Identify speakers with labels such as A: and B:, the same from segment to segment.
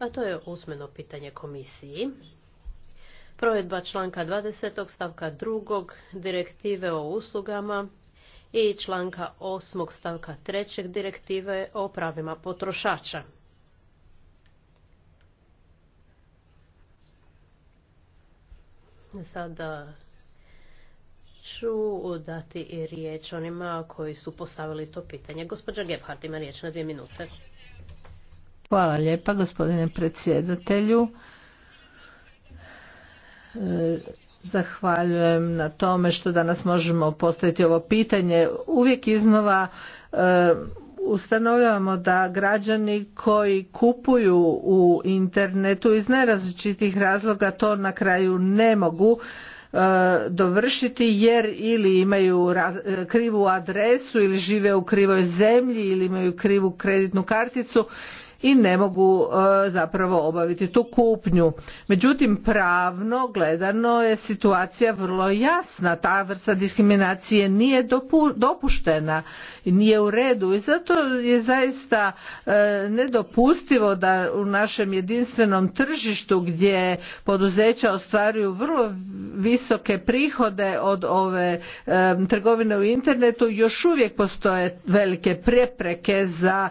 A: a to je usmeno pitanje komisiji. Provedba članka 20. stavka 2. direktive o uslugama i članka 8. stavka 3. direktive o pravima potrošača. Sada ću dati riječ onima koji su postavili to pitanje. Gospođa Gebhardt ima riječ na dvije minute.
B: Hvala lijepa gospodine predsjedatelju. E, zahvaljujem na tome što danas možemo postaviti ovo pitanje. Uvijek iznova e, ustanovljavamo da građani koji kupuju u internetu iz nerazličitih razloga to na kraju ne mogu e, dovršiti jer ili imaju krivu adresu ili žive u krivoj zemlji ili imaju krivu kreditnu karticu i ne mogu e, zapravo obaviti tu kupnju. Međutim, pravno gledano je situacija vrlo jasna. Ta vrsta diskriminacije nije dopuštena i nije u redu i zato je zaista e, nedopustivo da u našem jedinstvenom tržištu gdje poduzeća ostvaruju vrlo visoke prihode od ove e, trgovine u internetu još uvijek postoje velike prepreke za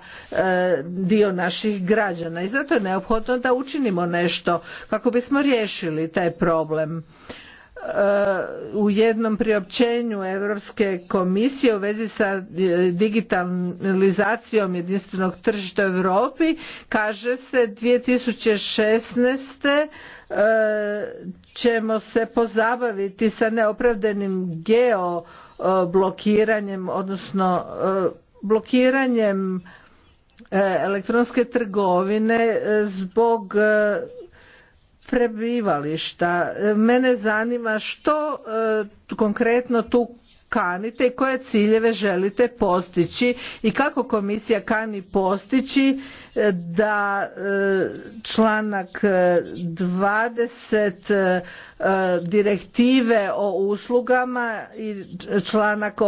B: dio naše naših građana i zato je neophodno da učinimo nešto kako bismo riješili taj problem e, u jednom priopćenju Europske komisije u vezi sa e, digitalizacijom jedinstvenog tržišta u Europi kaže se 2016 e, ćemo se pozabaviti sa neopravdanim geoblokiranjem odnosno blokiranjem E, elektronske trgovine e, zbog e, prebivališta. Mene zanima što konkretno tu kanite i koje ciljeve želite postići i kako komisija kani postići e, da e, članak 20 e, direktive o uslugama i članak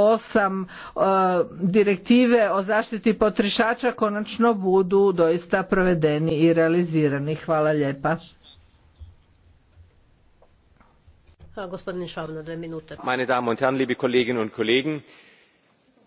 B: 8 direktive o zaštiti potrošača konačno budu doista provedeni i realizirani. Hvala lijepa. Herr
C: Meine Damen und Herren, liebe Kolleginnen und Kollegen,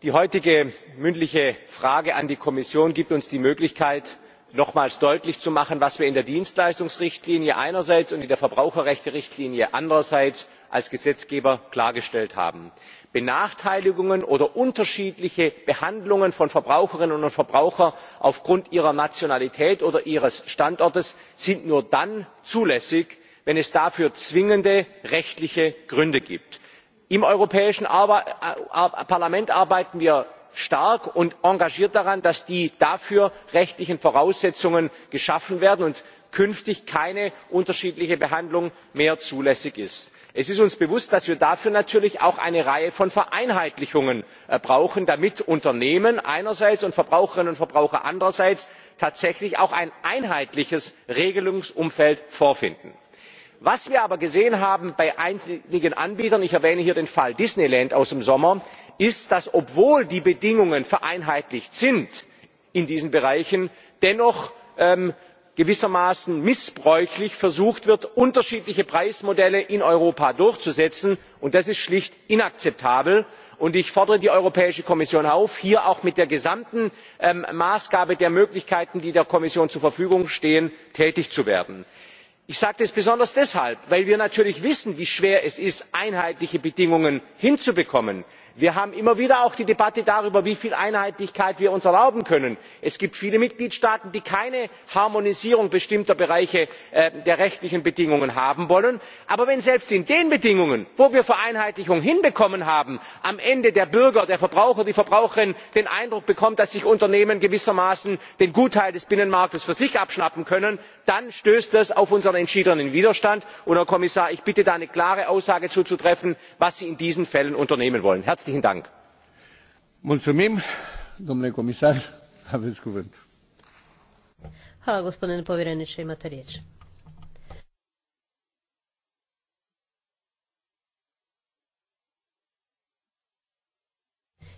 C: die heutige mündliche Frage an die Kommission gibt uns die Möglichkeit, nochmals deutlich zu machen was wir in der dienstleistungsrichtlinie einerseits und in der verbraucherrechterichtlinie andererseits als gesetzgeber klargestellt haben benachteiligungen oder unterschiedliche behandlungen von verbraucherinnen und verbrauchern aufgrund ihrer nationalität oder ihres standortes sind nur dann zulässig wenn es dafür zwingende rechtliche gründe gibt. im europäischen parlament arbeiten wir stark und engagiert daran dass die dafür rechtlichen voraussetzungen geschaffen werden und künftig keine unterschiedliche behandlung mehr zulässig ist. es ist uns bewusst dass wir dafür natürlich auch eine reihe von vereinheitlichungen äh, brauchen damit unternehmen einerseits und verbraucherinnen und verbraucher andererseits tatsächlich auch ein einheitliches regelungsumfeld vorfinden was wir aber gesehen haben bei einigen anbietern ich erwähne hier den fall disneyland aus dem sommer ist dass obwohl die bedingungen vereinheitlicht sind in diesen bereichen dennoch ähm, gewissermaßen missbräuchlich versucht wird unterschiedliche preismodelle in europa durchzusetzen und das ist schlicht inakzeptabel. ich fordere die europäische kommission auf hier auch mit der gesamten ähm, maßgabe der möglichkeiten die der kommission zur verfügung stehen tätig zu werden ich sage das besonders deshalb weil wir natürlich wissen wie schwer es ist einheitliche bedingungen hinzubekommen. wir haben immer wieder auch die debatte darüber wie viel einheitlichkeit wir uns erlauben können. es gibt viele mitgliedstaaten die keine harmonisierung bestimmter bereiche äh, der rechtlichen bedingungen haben wollen. aber wenn selbst in den bedingungen wo wir vereinheitlichung hinbekommen haben am ende der bürger der verbraucher die verbraucherin den eindruck bekommt dass sich unternehmen gewissermaßen den gutteil des binnenmarktes für sich abschnappen können dann stößt das auf sondern entschiedenen um widerstand. und herr kommissar ich bitte da eine klare aussage zu treffen was sie in diesen fällen unternehmen wollen. herzlichen dank!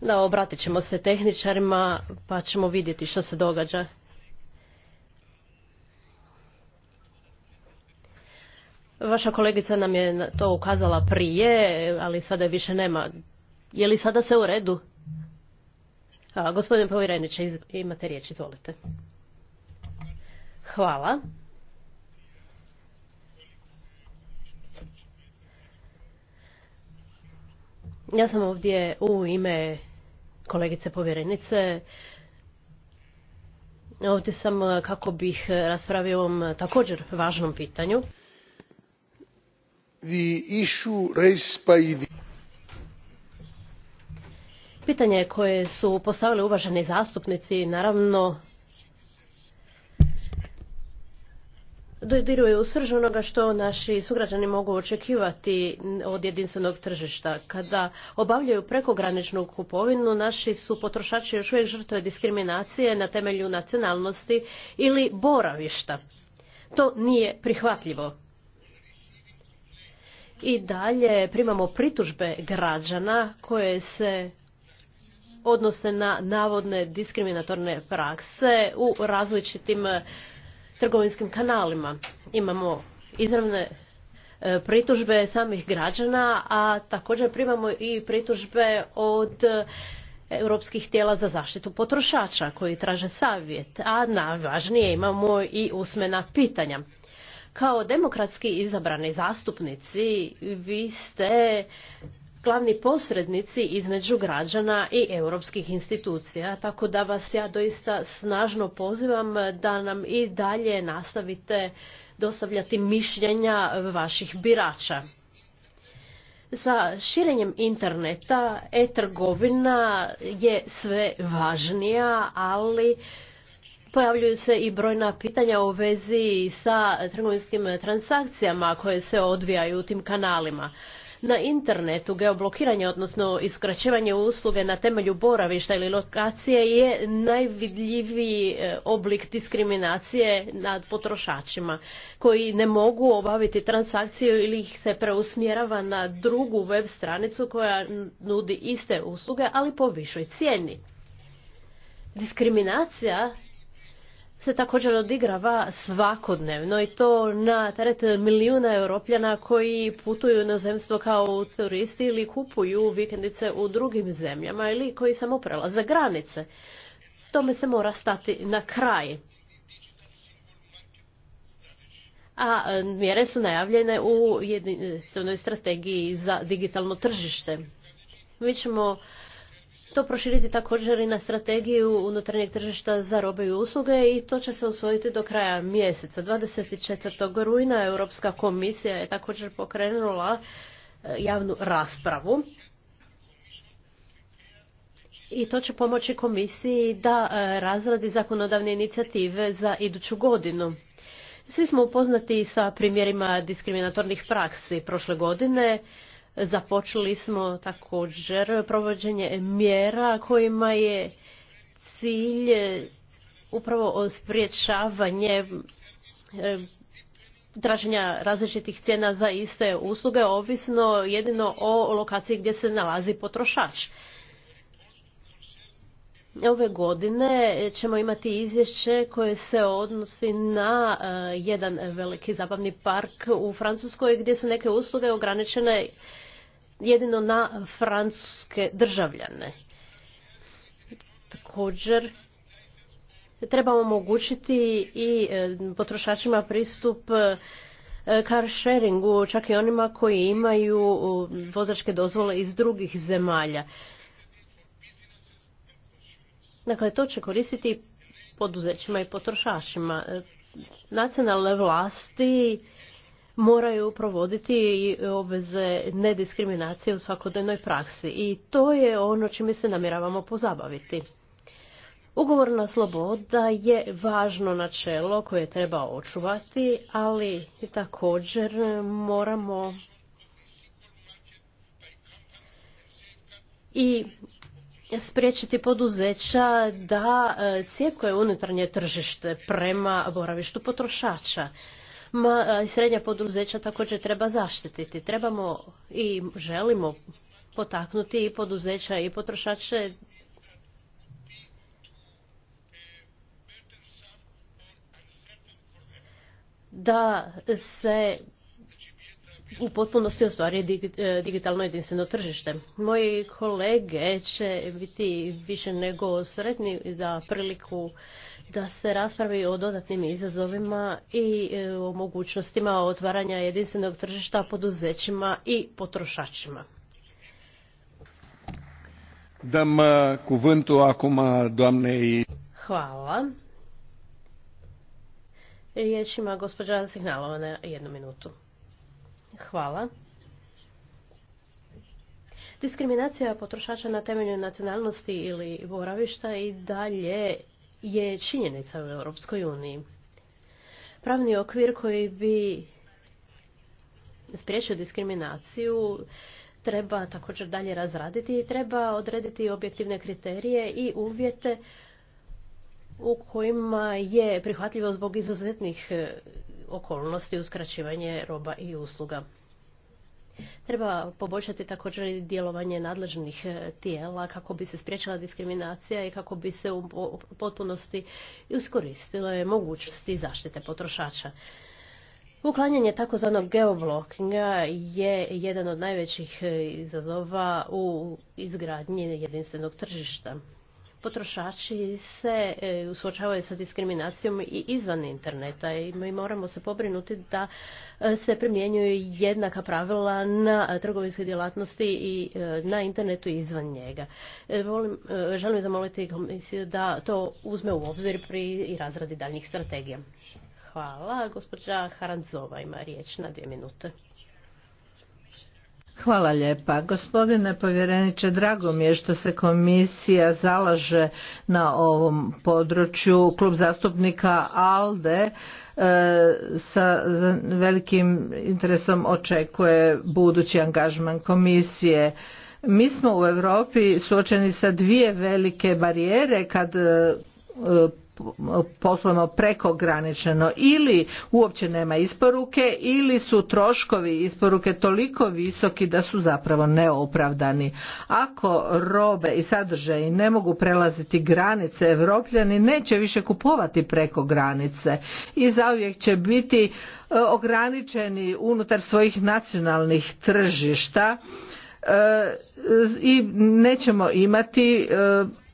A: da, obratit ćemo se tehničarima pa ćemo vidjeti što se događa. Vaša kolegica nam je to ukazala prije, ali sada više nema. Je li sada sve u redu? A, gospodin povjereniče, imate riječ, izvolite. Hvala. Ja sam ovdje u ime kolegice povjerenice. Ovdje sam eh, kako bih raspravio ovom eh, također važnom pitanju. Pitanje koje su postavili uvaženi zastupnici naravno dodiruje u srž onoga što naši sugrađani mogu očekivati od jedinstvenog tržišta. Kada obavljaju prekograničnu kupovinu, naši su potrošači još uvijek žrtve diskriminacije na temelju nacionalnosti ili boravišta. To nije prihvatljivo. I dalje primamo pritužbe građana koje se odnose na navodne diskriminatorne prakse u različitim trgovinskim kanalima. Imamo izravne e, pritužbe samih građana, a također primamo i pritužbe od europskih tijela za zaštitu potrošača koji traže savjet, a najvažnije imamo i usmena pitanja. Kao demokratski izabrani zastupnici vi ste glavni posrednici između građana i europskih institucija. Tako da vas ja doista snažno pozivam da nam i dalje nastavite dostavljati mišljenja vaših birača. Sa širenjem interneta e-trgovina je sve važnija, ali Pojavljuju se i brojna pitanja u vezi sa trgovinskim transakcijama koje se odvijaju u tim kanalima na internetu. Geoblokiranje, odnosno iskraćivanje usluge na temelju boravišta ili lokacije je najvidljiviji e, oblik diskriminacije nad potrošačima koji ne mogu obaviti transakciju ili ih se preusmjerava na drugu web stranicu koja nudi iste usluge ali po višoj cijeni. Diskriminacija se također odigrava svakodnevno i to na teret milijuna europljana koji putuju na zemstvo kao turisti ili kupuju vikendice u drugim zemljama ili koji samo prelaze granice. Tome se mora stati na kraj. A e, mjere su najavljene u jedinstvenoj strategiji za digitalno tržište. Mi ćemo to proširiti također i na strategiju unutarnjeg tržišta za robe i usluge i to će se usvojiti do kraja mjeseca. 24. rujna Europska komisija je također pokrenula eh, javnu raspravu i to će pomoći komisiji da eh, razradi zakonodavne inicijative za iduću godinu. Svi smo upoznati sa primjerima diskriminatornih praksi prošle godine. Započeli smo također provođenje mjera kojima je cilj e, upravo spriječavanje e, traženja različitih cijena za iste usluge, ovisno jedino o lokaciji gdje se nalazi potrošač. Ove godine ćemo imati izvješće koje se odnosi na e, jedan veliki zabavni park u Francuskoj gdje su neke usluge ograničene jedino na francuske državljane. Također, treba omogućiti i e, potrošačima pristup e, car sharingu, čak i onima koji imaju vozačke dozvole iz drugih zemalja. Dakle, to će koristiti poduzećima i potrošačima. E, nacionalne vlasti moraju provoditi i obveze nediskriminacije u svakodnevnoj praksi i to je ono čime se namjeravamo pozabaviti. Ugovorna sloboda je važno načelo koje treba očuvati, ali također moramo i spriječiti poduzeća da e, cijekuje unutarnje tržište prema boravištu potrošača i srednja poduzeća također treba zaštititi. Trebamo i želimo potaknuti i poduzeća i potrošače da se u potpunosti ostvari e, digitalno jedinstveno tržište. Moji kolege će biti više nego sretni za priliku da se raspravi o dodatnim izazovima i e, o mogućnostima otvaranja jedinstvenog tržišta poduzećima i potrošačima. Uh,
D: uh,
A: Hvala. Riječ ima gospođa Signalova na jednu minutu. Hvala. Diskriminacija potrošača na temelju nacionalnosti ili boravišta i dalje je činjenica u Europskoj uniji. Pravni okvir koji bi spriječio diskriminaciju treba također dalje razraditi i treba odrediti objektivne kriterije i uvjete u kojima je prihvatljivo zbog izuzetnih e, okolnosti uskraćivanje roba i usluga. Treba poboljšati također i djelovanje nadležnih e, tijela kako bi se spriječila diskriminacija i kako bi se u potpunosti iskoristile mogućnosti zaštite potrošača. Uklanjanje takozvanog geoblockinga je jedan od najvećih e, izazova u izgradnji jedinstvenog tržišta potrošači se e, suočavaju sa diskriminacijom i izvan interneta i mi moramo se pobrinuti da e, se primjenjuju jednaka pravila na trgovinske djelatnosti i e, na internetu i izvan njega. želim zamoliti komisiju da to uzme u obzir pri razradi daljnjih strategija. Hvala. Gospođa Haranzova ima riječ na dvije minute.
B: Hvala lijepa. Gospodine povjereniče, drago mi je što se komisija zalaže na ovom području. Klub zastupnika ALDE e, sa velikim interesom očekuje budući angažman komisije. Mi smo u Europi suočeni sa dvije velike barijere kad e, poslujemo prekogranično ili uopće nema isporuke ili su troškovi isporuke toliko visoki da su zapravo neopravdani. Ako robe i sadržaji ne mogu prelaziti granice, Evropljani neće više kupovati preko granice i zauvijek će biti e, ograničeni unutar svojih nacionalnih tržišta e, i nećemo imati e,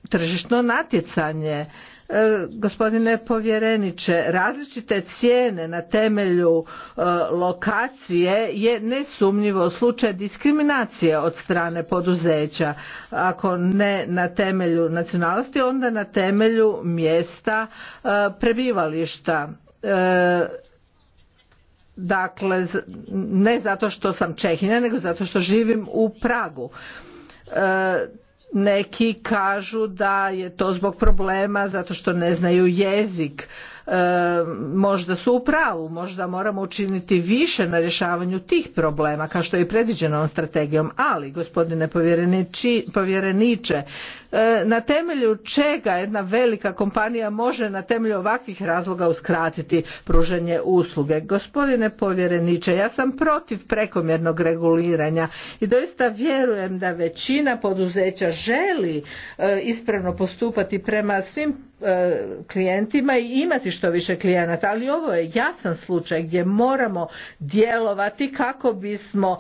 B: tržišno natjecanje E, gospodine povjereniče, različite cijene na temelju e, lokacije je nesumnjivo slučaj diskriminacije od strane poduzeća. Ako ne na temelju nacionalnosti, onda na temelju mjesta e, prebivališta dakle ne zato što sam Čehinja nego zato što živim u Pragu neki kažu da je to zbog problema zato što ne znaju jezik e, možda su u pravu možda moramo učiniti više na rješavanju tih problema kao što je i predviđeno ovom strategijom ali gospodine povjereniče E, na temelju čega jedna velika kompanija može na temelju ovakvih razloga uskratiti pružanje usluge. Gospodine povjereniče, ja sam protiv prekomjernog reguliranja i doista vjerujem da većina poduzeća želi e, ispravno postupati prema svim e, klijentima i imati što više klijenata, ali ovo je jasan slučaj gdje moramo djelovati kako bismo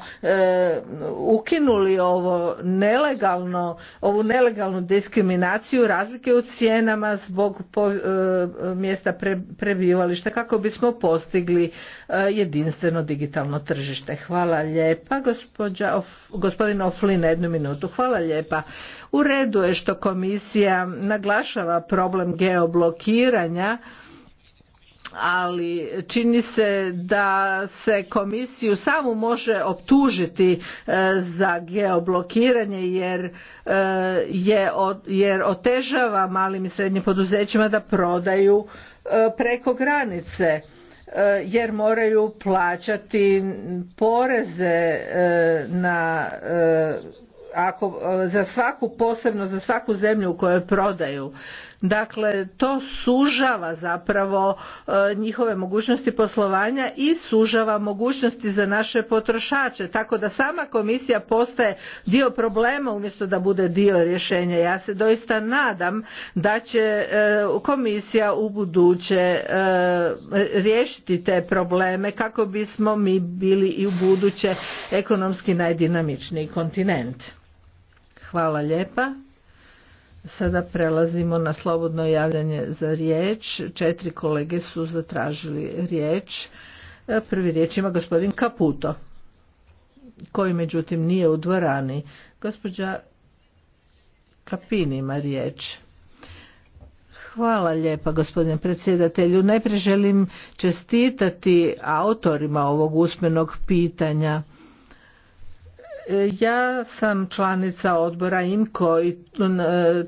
B: ukinuli ovo nelegalno, ovu nelegalnu diskriminaciju razlike u cijenama zbog e, mjesta prebivališta kako bismo postigli e, jedinstveno digitalno tržište. Hvala lijepa. Gospođa, of, jednu minutu. Hvala lijepa. U redu je što komisija naglašava problem geoblokiranja ali čini se da se komisiju samu može optužiti e, za geoblokiranje jer, e, jer otežava malim i srednjim poduzećima da prodaju e, preko granice jer moraju plaćati poreze na ako za svaku posebno za svaku zemlju u kojoj prodaju Dakle, to sužava zapravo e, njihove mogućnosti poslovanja i sužava mogućnosti za naše potrošače. Tako da sama komisija postaje dio problema umjesto da bude dio rješenja. Ja se doista nadam da će e, komisija u buduće e, riješiti te probleme kako bismo mi bili i u buduće ekonomski najdinamičniji kontinent. Hvala lijepa. Sada prelazimo na slobodno javljanje za riječ. Četiri kolege su zatražili riječ. E, prvi riječ ima gospodin Kaputo, koji međutim nije u dvorani. Gospođa Kapin ima riječ. Hvala lijepa gospodine predsjedatelju. Najprije želim čestitati autorima ovog usmenog pitanja ja sam članica odbora IMKO i e,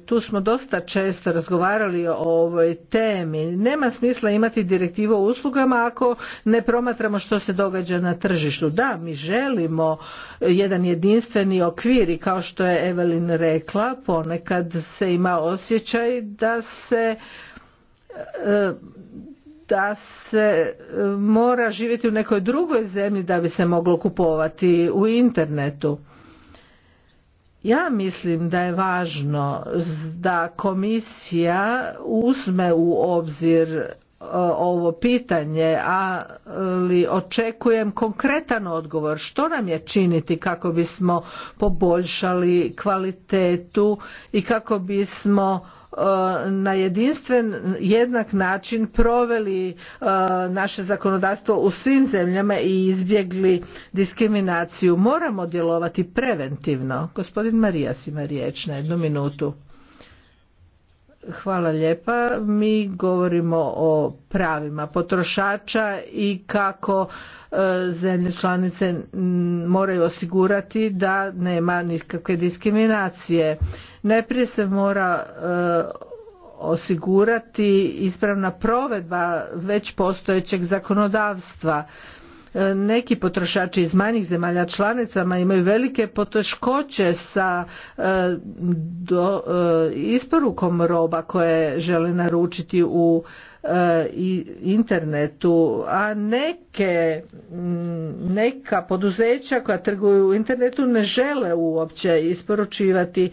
B: tu smo dosta često razgovarali o ovoj temi. Nema smisla imati direktivu o uslugama ako ne promatramo što se događa na tržištu. Da, mi želimo jedan jedinstveni okvir i kao što je Evelin rekla, ponekad se ima osjećaj da se e, da se e, mora živjeti u nekoj drugoj zemlji da bi se moglo kupovati u internetu. Ja mislim da je važno da komisija uzme u obzir e, ovo pitanje, ali očekujem konkretan odgovor što nam je činiti kako bismo poboljšali kvalitetu i kako bismo E, na jedinstven jednak način proveli e, naše zakonodavstvo u svim zemljama i izbjegli diskriminaciju moramo djelovati preventivno gospodin marijas ima riječ na jednu minutu Hvala lijepa. Mi govorimo o pravima potrošača i kako e, zemlje članice moraju osigurati da nema nikakve diskriminacije. Najprije se mora e, osigurati ispravna provedba već postojećeg zakonodavstva E, neki potrošači iz manjih zemalja članicama imaju velike poteškoće sa e, do, e, isporukom roba koje žele naručiti u internetu, a neke, neka poduzeća koja trguju u internetu ne žele uopće isporučivati,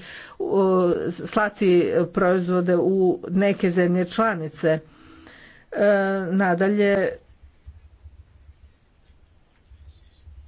B: slati proizvode u neke zemlje članice. Nadalje,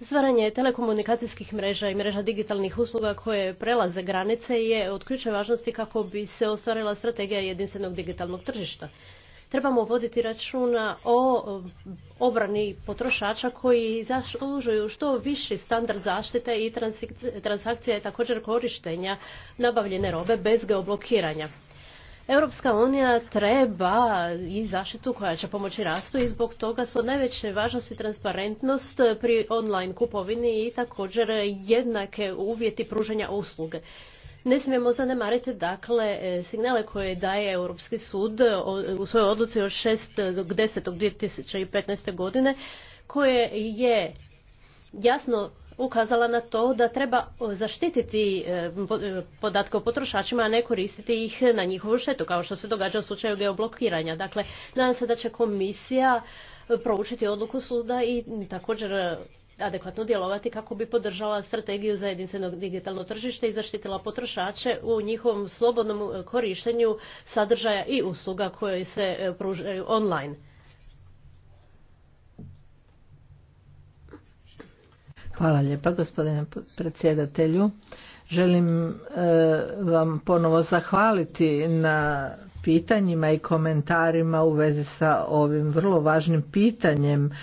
A: Stvaranje telekomunikacijskih mreža i mreža digitalnih usluga koje prelaze granice je od ključne važnosti kako bi se ostvarila strategija jedinstvenog digitalnog tržišta. Trebamo voditi računa o obrani potrošača koji zaslužuju što viši standard zaštite i transakcija je također korištenja nabavljene robe bez geoblokiranja. Europska unija treba i zaštitu koja će pomoći rastu i zbog toga su najveće važnosti transparentnost pri online kupovini i također jednake uvjeti pružanja usluge. Ne smijemo zanemariti dakle signale koje daje Europski sud u svojoj odluci od 6.10.2015. godine koje je jasno ukazala na to da treba e, zaštititi e, e, podatke o potrošačima, a ne koristiti ih na njihovu štetu, kao što se događa u slučaju geoblokiranja. Dakle, nadam se da će komisija proučiti odluku suda i također adekvatno djelovati kako bi podržala strategiju za jedinstveno digitalno tržište i zaštitila potrošače u njihovom slobodnom korištenju sadržaja i usluga koje se pružaju online.
B: Hvala lijepa gospodine predsjedatelju. Želim e, vam ponovo zahvaliti na pitanjima i komentarima u vezi sa ovim vrlo važnim pitanjem e,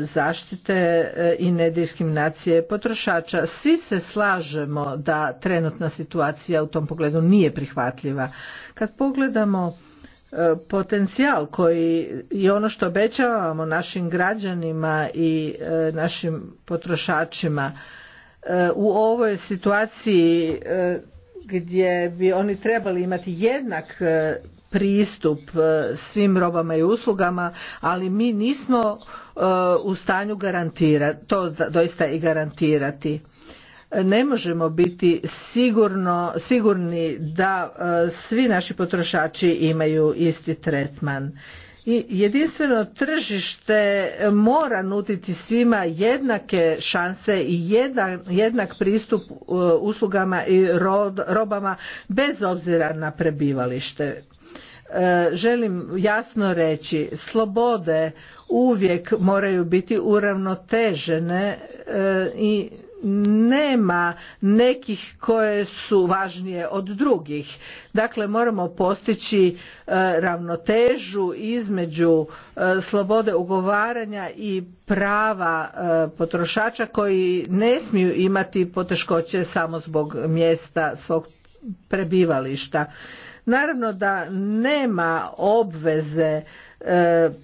B: zaštite e, i nediskriminacije potrošača. Svi se slažemo da trenutna situacija u tom pogledu nije prihvatljiva. Kad pogledamo E, potencijal koji i ono što obećavamo našim građanima i e, našim potrošačima e, u ovoj situaciji gdje bi oni trebali imati jednak pristup svim robama i uslugama, ali mi nismo u stanju garantirati, to doista i garantirati ne možemo biti sigurni da e, svi naši potrošači imaju isti tretman. I jedinstveno tržište mora nutiti svima jednake šanse i jednak, jednak pristup e, uslugama i robama bez obzira na prebivalište e, želim jasno reći slobode uvijek moraju biti uravnotežene i nema nekih koje su važnije od drugih. Dakle, moramo postići e, ravnotežu između e, slobode ugovaranja i prava e, potrošača koji ne smiju imati poteškoće samo zbog mjesta svog prebivališta. Naravno da nema obveze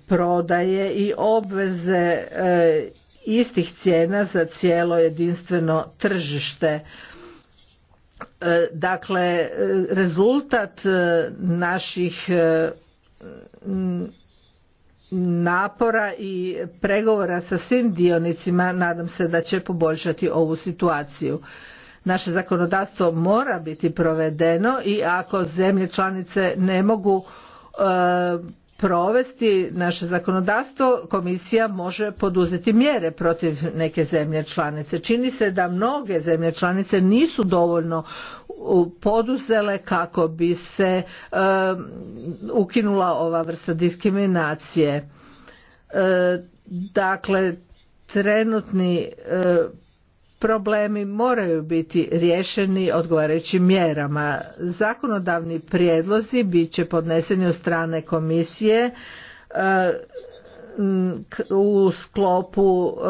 B: prodaje i obveze istih cijena za cijelo jedinstveno tržište. E, dakle, e, rezultat e, naših napora i pregovora sa svim dionicima nadam se da će poboljšati ovu situaciju. Naše zakonodavstvo mora biti provedeno i ako zemlje članice ne mogu provesti naše zakonodavstvo komisija može poduzeti mjere protiv neke zemlje članice čini se da mnoge zemlje članice nisu dovoljno poduzele kako bi se e, ukinula ova vrsta diskriminacije e, dakle trenutni e, problemi moraju biti riješeni odgovarajućim mjerama. Zakonodavni prijedlozi bit će podneseni od strane komisije e, u sklopu e,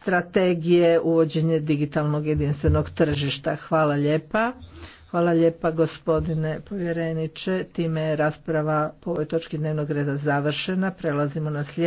B: strategije uvođenje digitalnog jedinstvenog tržišta. Hvala lijepa. Hvala lijepa gospodine povjereniče. Time je rasprava po ovoj točki dnevnog reda završena. Prelazimo na sljedeću.